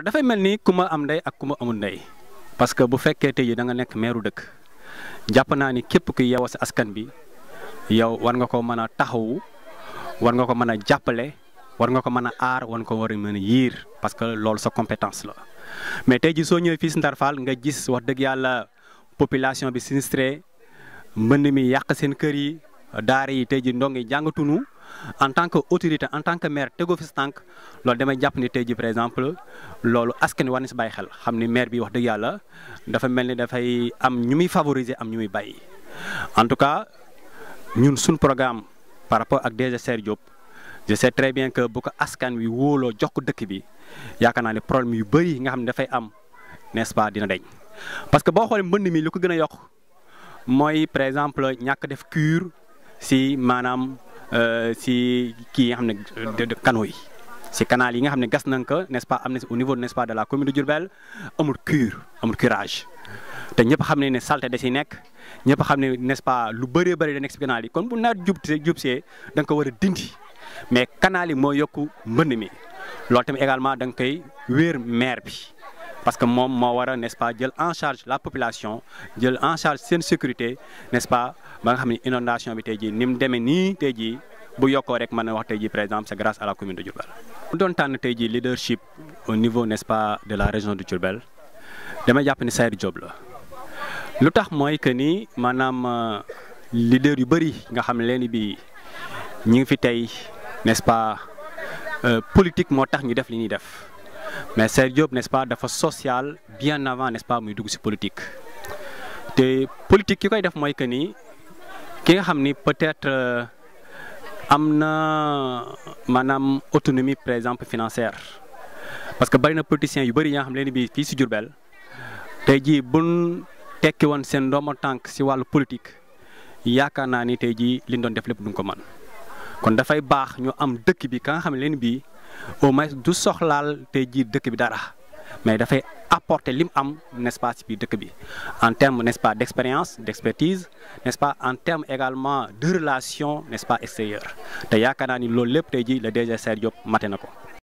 dafay mel ni ku ma am ndey ak ku ma amul ndey parce que bu fekkee tey jii da nga nekk meeru dëkk jàpp naa ni képp ku yeewoo si askan bi yow war nga ko mën a taxawu war nga ko mën a jàppale war nga ko mën a aar war nga ko war a mën a yiir parce que loolu sa compétence la mais tey jii soo ñëwee fii si Ndar Fall nga gis wax dëgg yàlla population bi sinistre mbënd mi yàq seen kër yi daara yi tey jii ndongo yi jàngatunu en tant que autorité en tant que maire tegoo fi si tànk loolu damay jàpp ni tey ji par exemple loolu askan wi war na si bàyyi xel xam ni maire bi wax dëgg yàlla dafa mel ni dafay am ñu muy favoriser am ñu muy bàyyi. en tout cas ñun suñ programme par rapport ak DG Serigne Diop je sais très bien que bu ko askan wi wóoloo jox ko dëkk bi yaakaar naa ne problème yu bëri yi nga xam ne dafay am nest dina deñ parce que boo xoolee mbënd mi lu ko gën a yokk mooy par exemple Euh, si kii yi nga xam ne de canaux yi si canal yi nga xam ne gas nañ ko nest pas am na au niveau n'est-ce pas de la commune de Diourbel amul cure amul curage te ñëpp xam nañ ne salté da si nekk ñëpp xam ne n'est-ce pas lu bëree bëri da nekk si canal yi kon bu nawet jub jub see da nga ko war a dindi mais canal yi moo yokku mbënd mi loolu tamit également da nga koy wér maire bi. parce que moom moo war a n'est-ce pas jël en charge la population jël en charge seen sécurité n'est-ce pas ba nga xam ne inondation bi tey jii ni mu demee nii tey ji bu yokkoo rek mën na wax tey jii par exemple c'est grâce à la commune de Diourbel. bu doon tànn tey jii leadership au niveau n'est-ce pas de la région de Diourbel dama jàpp ni Saïd Diop la lu tax mooy que ni maanaam euh, leader yu bëri nga xam ne leen bi ñu ngi fi tey n'est-ce pas euh, politique moo tax ñu def li ñuy def. mais Seydou Diop n'est-ce pas dafa social bien avant nest pas muy dugg ci politique te politique ki koy def mooy que nii ki nga xam ni peut-être euh, am na maanaam autonomie par exemple financière parce que bari na politiciens yu bari yi nga xam leen bii fii si Diourbel tey jii buñ tekki woon seen doomu tànk si wàll politique yaakaar naa ni tey jii liñ doon def lépp duñ ko man kon dafay baax ñu am dëkk bi ka nga xam ne leen bii. au moins du soxlaal tey jii dëkk bi dara mais dafay apporter li mu am n'est-ce pas dëkk bi en terme n'est-ce pas d'expérience d'expertise n'est-ce pas en terme également de relation n'est-ce pas te yaakaar naa ni loolu lépp tey jii le DG Saer Diop mate na ko.